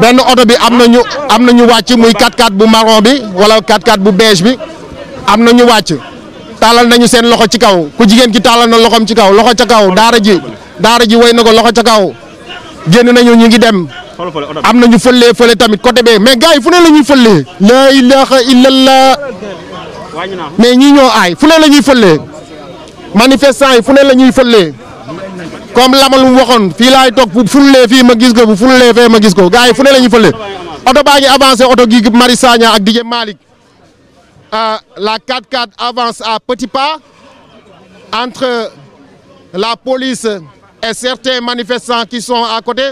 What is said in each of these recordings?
benn oto bi am na ñu am na ñu wàcc muy 4 x bu marron bi wala 4 x bu beige bi am na ñu wàcc taalal nañu seen loxo ci kaw ku jigéen ki taalal na loxoom ci kaw loxo ca kaw daara ji daara ji way na ko loxo ca kaw génn nañu ñu ngi dem am na ñu fëllee fële tamit côté bee mais gars yi fu ne la ñuy fëllee. laa ilaaha illallah mais ñii ñoo aay fu ne la ñuy fëllee manifestant yi fu ne la ñuy fëllee. comme lamal mu waxoon fii laay toog bu funulee fii ma gis ko bu funulee fee ma gis ko gars yi fu ne ñu fële oto baa ngi avancé oto gi Mari Sagna ak DJ Malick ah, la 4 x avance à petits pas entre la police et certains manifestants qui sont à côté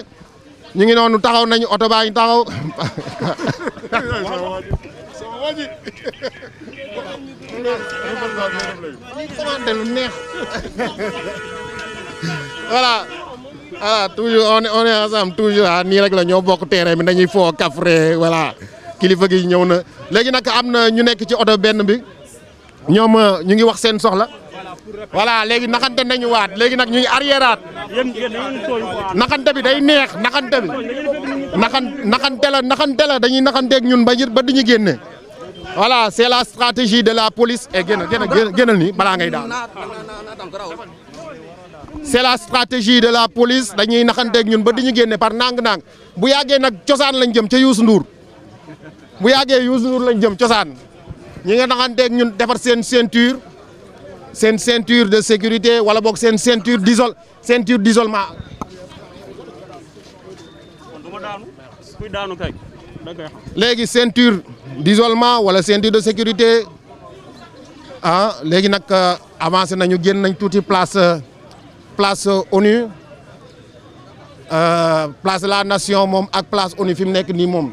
ñu ngi noonu taxaw nañu oto baa taxaw voilà voilà toujours on est on toujours ah nii rek la ñoo bokk terrain bi dañuy foo kafre voilà kilifa gi ñëw na léegi nag am na ñu nekk ci oto benn bi ñoom euh, ñu ngi wax seen soxla. voilà léegi naxante nañu waat léegi nag ñu ngi arriéraat naxante bi day neex naxante bi naxan naxante la naxante la dañuy naxanteeg ñun ba ba ñu génne voilà c'est la stratégie de la police. et eh, génn génn génnal ni balaa ngay daal. c'est la stratégie de la police dañuy naxanteeg ñun ba di ñu génne par nang-nang bu yàggee nag cosaan lañ jëm ca Youssou Ndour bu yàggee Youssou Ndour lañ jëm cosaan ñi nga naxanteeg ñun defar seen ceinture seen ceinture de sécurité wala boog seen ceinture d'isol ceinture d'isolement léegi ceinture d'isolement wala ceinture de sécurité ah léegi nag euh, avancé nañu génn nañ tuuti place euh, place ONU euh, place de la nation moom ak place ONU fi mu nekk nii moom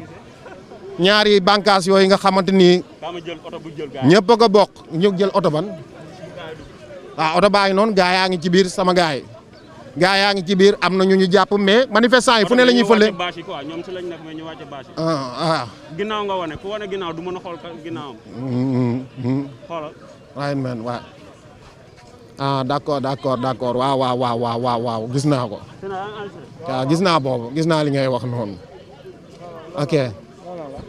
ñaari bànqaas yooyu nga xamante ni ñëpp a ko bokk ñu jël oto ban waaw oto baa ngi noonu yaa ngi biir sama gaa yi gaa yaa ngi ci biir am na ñu ñu jàpp mais manifestant yi fu ne la ñuy fële ñoom si lañ nekk mais ñu wàcce bâche yi ah, ah. nga wane ku wane ginnaaw du mën a xool ka ginnaawam mm-hmm. Mm-hmm. xoolal waaye man ah d' accord d' accord d' accord waaw waaw waaw waaw gis naa ko waaw ah, gis naa boobu gis naa li ngay wax noonu ok.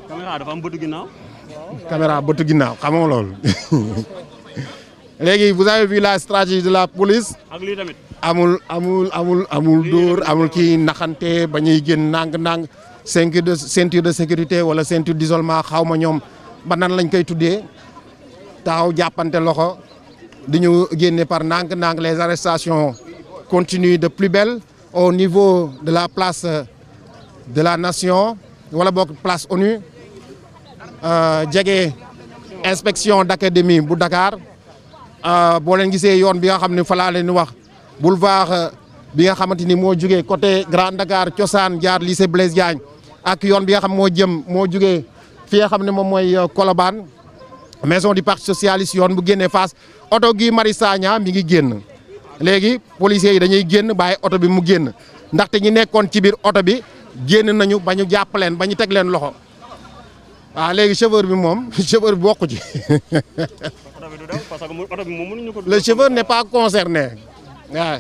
caméra dafa am bëtu ginnaaw. caméra bëtu ginnaaw xamoo loolu léegi vous avez vu la stratégie de la police. amul amul amul amul dóor amul kii naxante ba ñuy génn ndànk-ndànk ceinture de ceinture de sécurité wala ceinture d' isolement xaw ma ñoom ba nan lañ koy tuddee taaw jàppante loxo. dañu génne par ndànk-ndànk les arrestations continuent de plus belle au niveau de la place euh, de la nation wala boog place ONU euh, jege inspection d'académie bu Dakar euh, boo leen gisee yoon bi nga xam ne falaa ni wax boulevard bi nga xamante ni moo jugee côté Grand Dakar cosaan jaar lycée Blaise Diagne ak yoon bi nga xam moo jëm moo juge fi nga xam ne moom mooy Colobane maison du parti socialiste yoon bu génnee face oto gi Mari Sagna mi ngi génn léegi policiers yi dañuy génn bàyyi oto bi mu génn ndaxte ñi nekkoon ci biir oto bi génn nañu ba ñu jàpp leen ba ñu teg leen loxo waaw léegi chauffeur bi moom chauffeur bi bokku ci. oto bi du parce que oto bi moom mënuñu ko. le chauffeur pas concerné waaw.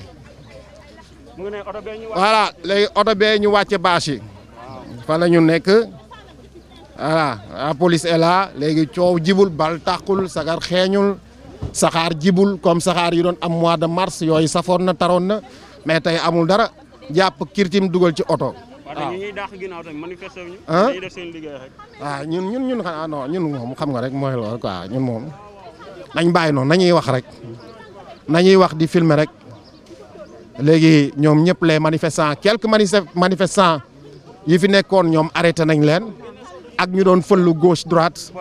ne oto bee ñu wàcce léegi oto bee ñu wàcce bâche yi. ñu nekk. voilà la police est léegi coow jibul bal tàqul sagar xeeñul saxaar jibul comme saxaar yi doon am mois de mars yooyu safoon na taroon na mais tey amul dara jàpp kirtim dugal ci oto. waaw ñi ñuy dàq ah? ah, ñun ñun ñun xanaa ah, non ñun moom xam nga rek mooy loolu quoi ñun moom nañ bàyyi noon nañuy wax rek nañuy wax di filmer rek léegi ñoom ñëpp les manifestants quelques manifestant yi fi nekkoon ñoom arrêté nañ leen. ak ñu doon fëllu gauche droite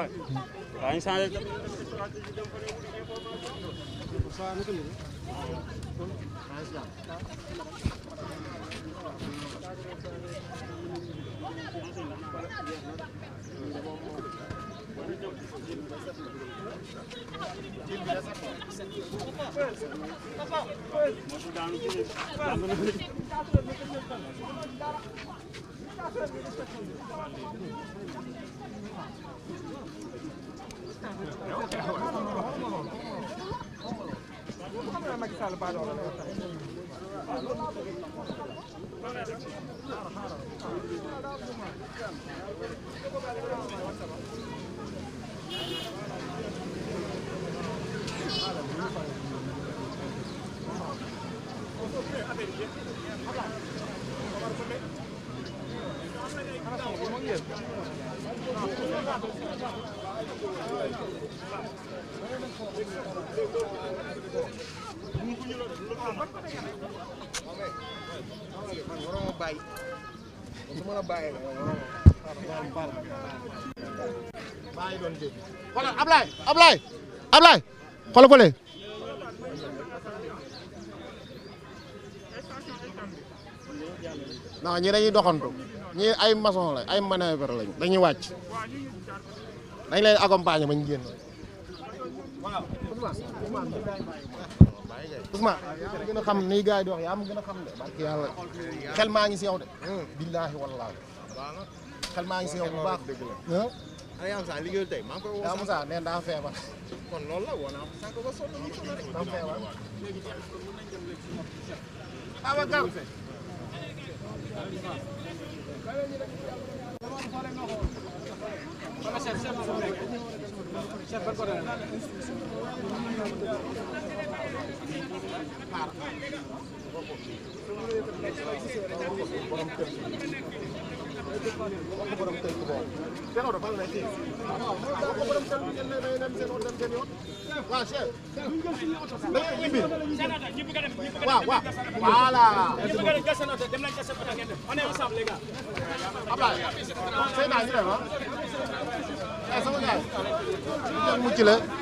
Sall baadoola bàyyi su ma la bàyyi bàyyi doon dégg xoolal Ablaye Ablaye Ablaye xoolal doxantu ay maçon la ay manœuvre lañ dañuy wàcc dañ accompagner bañ génn Ousmane yaa gën a xam ni yi di wax yaa ma gën a xam de barki yàlla xel maa ngi si de billaahi wallaahi xel maa ngi si yow bu baax koy woo yaa Moussa nee daa feebar feebar Abacar Chef, chef, waaw waaw voilà. on est ensemble les gars. Ablaye Seydina ñu dem ah. sama gars. mu jëlee.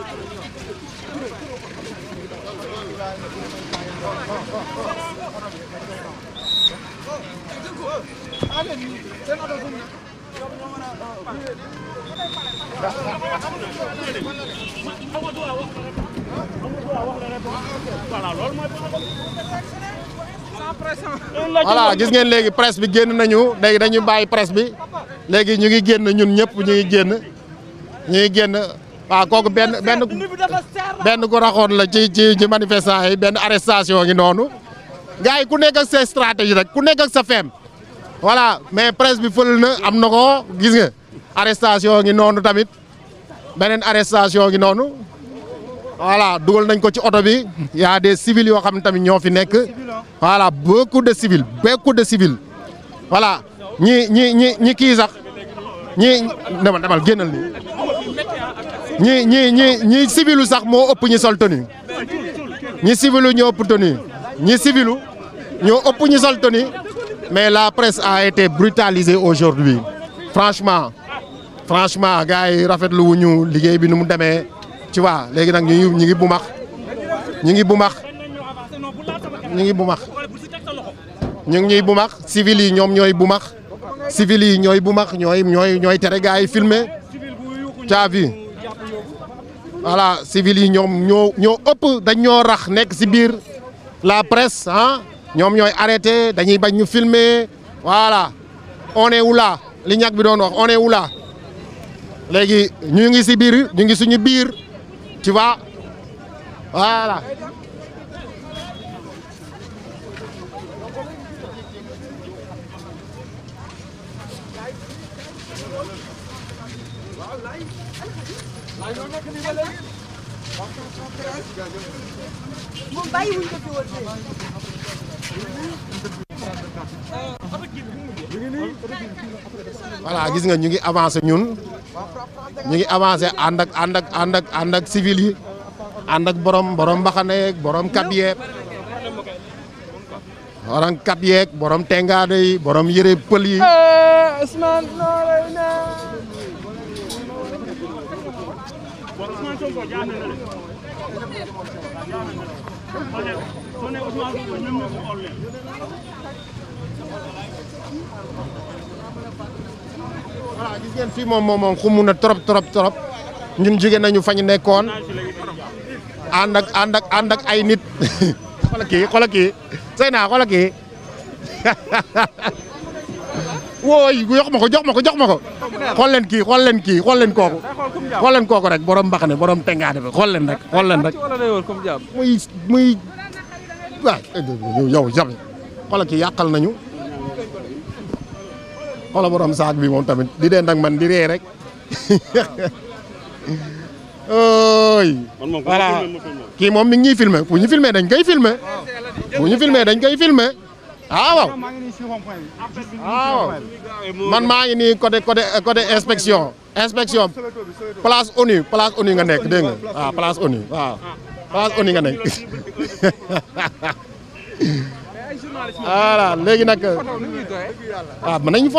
voilà gis ngeen léegi presse bi génn nañu léegi dañuy bàyyi presse bi léegi ñu ngi génn ñun ñëpp ñu ngi génn ñu ngi génn waaw kooku benn benn ku raxoon la ji ci manifestant yi benn arrestation ngi noonu gars yi ku nekk ak sa rek ku nekk ak sa feem voilà mais presse bi fël na am na ko gis nga arrestation ngi noonu tamit beneen arrestation ngi noonu voilà dugal nañ ko ci oto bi y a des civils yoo xam ne tamit ñoo fi nekk voilà beaucoup de civils beaucoup de civils voilà ñi ñi ñi ñi kii sax ñi demal demal génnal ni ñi ñi ñi ñi civilu sax moo ëpp ñi sol tenue ñi civilu ñoo ëpp tenue ñi civilu ñoo ëpp ñi sol tenue mais la presse a été brutalisée aujourd'hui franchement franchement gars yi rafetlu wu liggéey bi nu mu demee tu léegi nag ñu ngi ñu ngi bu max ñu ngi bu max ñu ngi bu max ñu bu max civil yi ñoom ñooy bu max civil yi ñooy bu max ñooy ñooy ñooy tere gars yi filmer t'as vu voilà civil yi ñoom ñoo ñoo ëpp dañ ñoo rax nekk si biir la presse ah ñoom ñooy arrêté dañuy bañ ñu filmer voilà on est li ñag bi doon wax on est où là léegi ñu ngi si biir ñu ngi suñu biir tu vois voilà gis nga ñu ngi avancé ñun ñu ngi avancé ànd ak ànd ak ànd ak civil yi ànd borom borom mbaxane borom kat ye borom kat yeeg borom tengaade yi borom yëre pël yi. ne Ousmane Sonko ñoom ñoo ko xool leen. voilà gis ngeen fii moom moom moom xumu na trop trop trop ñun jóge nañu fañ nekkoon ànd ak ànd ay nit xoolal kii xoolal kii Seyna xoolal kii wooy ko jox ma ko jox ma ko xool leen kii xool leen kii xool rek borom mbaxane borom tengaade bi waay yow jamais xoolal ki yàqal nañu xoolal borom saak bi moom tamit di dee man di ree rek. kii moom mi ngi ñuy filmé bu ñu filmé dañ koy filmé bu ñu filmé dañ koy filmé ah, ah man maa ngi nii côté côté côté inspection inspection place ONU place ONU nga nekk dégg nga ah, place ONU phase oni nga ne voilà léegi nag ah mën nañu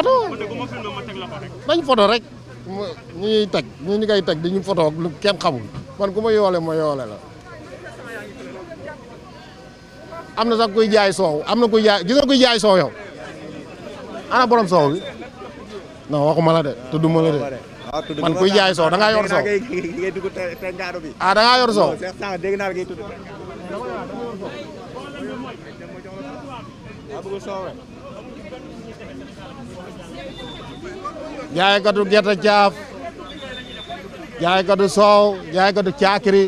photo rek ñu ñuy teg ñu ñu koy teg di ñu photo ak lu kenn xamul man ku yoole ma la am na sax kuy jaay soow am na kuy jaay gis nga kuy jaay soow yow ana borom soow bi non waxuma la de tudduma la de man kuy jaay soow da ngaa yor soow ah da ngaa yor jaay gadu soow jaay gadu caakiri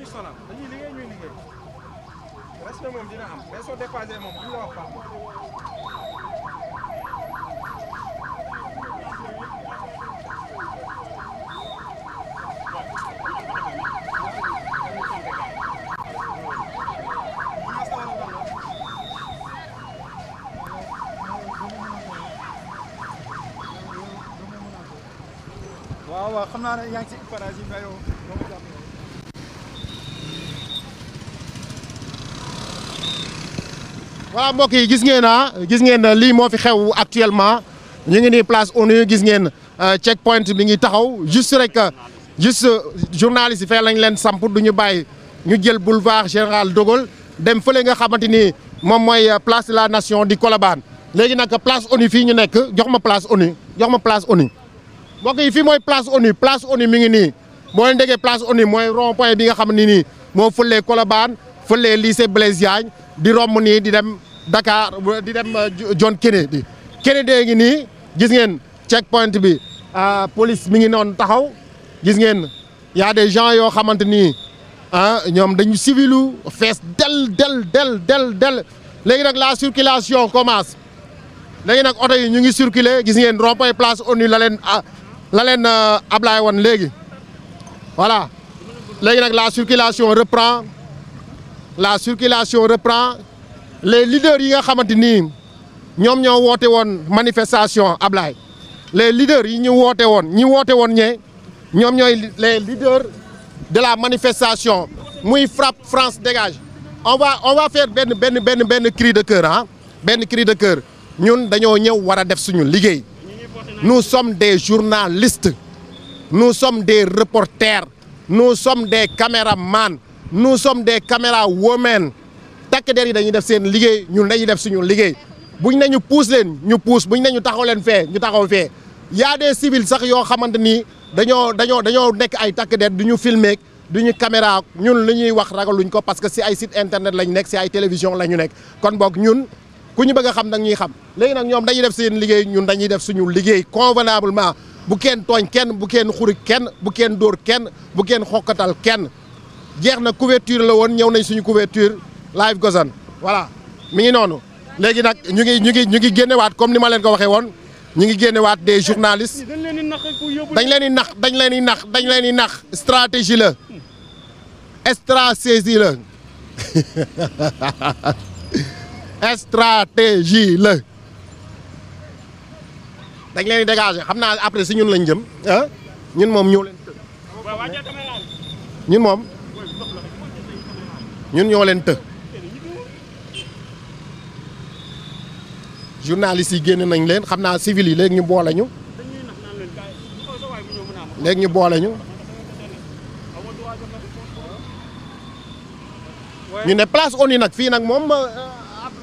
ñu sonal dañuy liggéey ñuy liggéey respect moom dina am mais soo dépassé moom bu ñu la wax baax waaw waaw xam naa ne yaa ngi ci parage yi voilà mbokk yi gis ngeen ah gis ngeen euh, lii moo fi xew actuellement ñu ngi nii place ONU gis ngeen euh, check point bi ngi taxaw juste rek euh, juste journaliste yi lañ leen samp du ñu bàyyi ñu jël boulevard général de Gaulle dem fële nga xamante ni moom mooy place la nation di Colobane léegi nag place ONU fii ñu nekk jox ma place ONU jox ma place ONU mbokk yi fii mooy place ONU place ONU mi ngi nii boo leen déggee place ONU mooy rond point bi nga xam ne nii moo fëlee Colobane fële lycée Blaise Diagne di rom nii di dem Dakar di dem euh, John Kennedy Kennedy ngi nii gis ngeen check point bi euh, police mi ngi noonu taxaw gis ngeen y des gens yoo xamante ni ah ñoom dañu civilu fees del del del del del léegi nag la circulation commence léegi nag oto yi ñu ngi circuler gis ngeen rond-point place ONU la leen ah, la leen euh, Ablaye woon léegi voilà léegi nag la circulation reprend la circulation reprend les leaders yi nga xamante ni ñoom ñoo woote woon manifestation Ablaye les leaders yi ñu woote woon ñi woote woon ñee ñoom ñooy les leaders de la manifestation muy FRAPP France dégage on va on va benn benn benn benn cri de cœur ah benn cri de cœur ñun dañoo ñëw war a def suñu liggéey nous sommes des journalistes nous sommes des reporters nous sommes des caméramans nu sommes des caméras women takk der yi dañuy def seen liggéey ñun dañuy def suñu liggéey buñ ne ñu pousse leen ñu pousse buñ ne ñu taxaw leen fee ñu taxaw fee yaa a des civils sax yoo xamante ni dañoo dañoo dañoo nekk ay takk der du ñu filmer du ñu caméra ñun li ñuy wax ragaluñ ko parce que si ay site internet lañ nekk si ay télévision la ñu nekk kon boog ñun ku ñu bëgg xam nag ñuy xam léegi nag ñoom dañuy def seen liggéey ñun dañuy def suñu liggéey convenablement bu kenn tooñ kenn bu kenn xuri kenn bu kenn dóor kenn bu kenn xokkatal kenn jeex na couverture la woon ñëw nañ suñu couverture live Gozan voilà mi ngi noonu léegi nag ñu ngi ñu ngi ñu ngi génnewaat comme ni ma leen ko waxee woon ñu ngi génnewaat des journalistes dañ leen di nax dañ leen di nax dañ leen di nax stratégie la stratégie la stratégie la dañ leen di dégager xam naa après si ñun lañ jëm ah ñun moom ñoo leen ñun moom ñun ñoo leen të journalistes yi génn nañ leen xam naa civil yi léegi ñu boole ñu léegi ñu boole ñu ñu ne place ONU nag fii nag moom euh,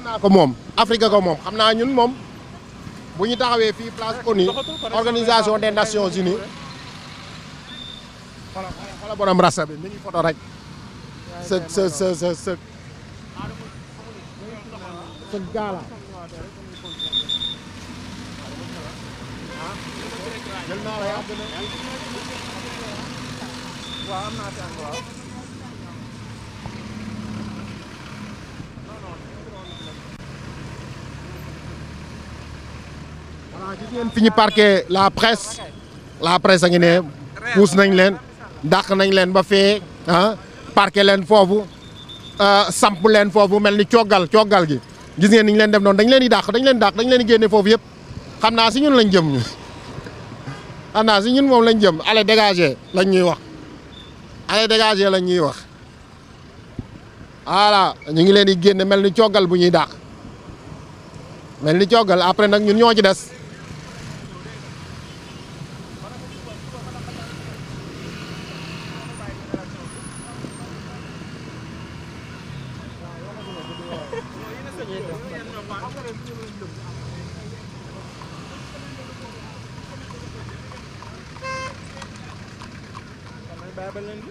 naa ko moom Afrique ko moom xam naa ñun moom bu ñu taxawee fii place ONU organisation des nations unies xoolal borom rek. sa sa sa sa sa sa gaala voilà gis ngeen fi ñu parqué la presse la presse a ngi ne puus nañ leen dàq nañ leen ba fee ah parqué leen foofu euh, samp leen foofu mel ni coggal coggal gi gis ngeen ni ñu leen def noonu dañ leen di dàq dañ leen dàq dañ leen di génne foofu yëpp xam naa si ñun lañ jëm ñu xam naa si ñun moom lañ jëm allez dégager lañ ñuy wax allez dégager lañ ñuy wax voilà ñu ngi leen di génne mel ni coggal bu ñuy dàq mel ni coggal après nag ñun ñoo ci des ba lundi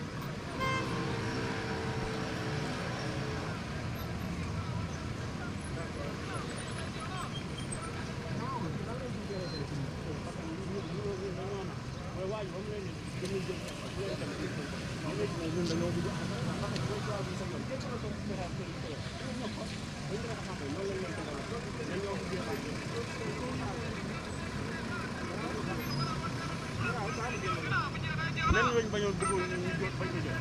Get out! lenn lañ bañoon bëggoon ñu bañ ko jot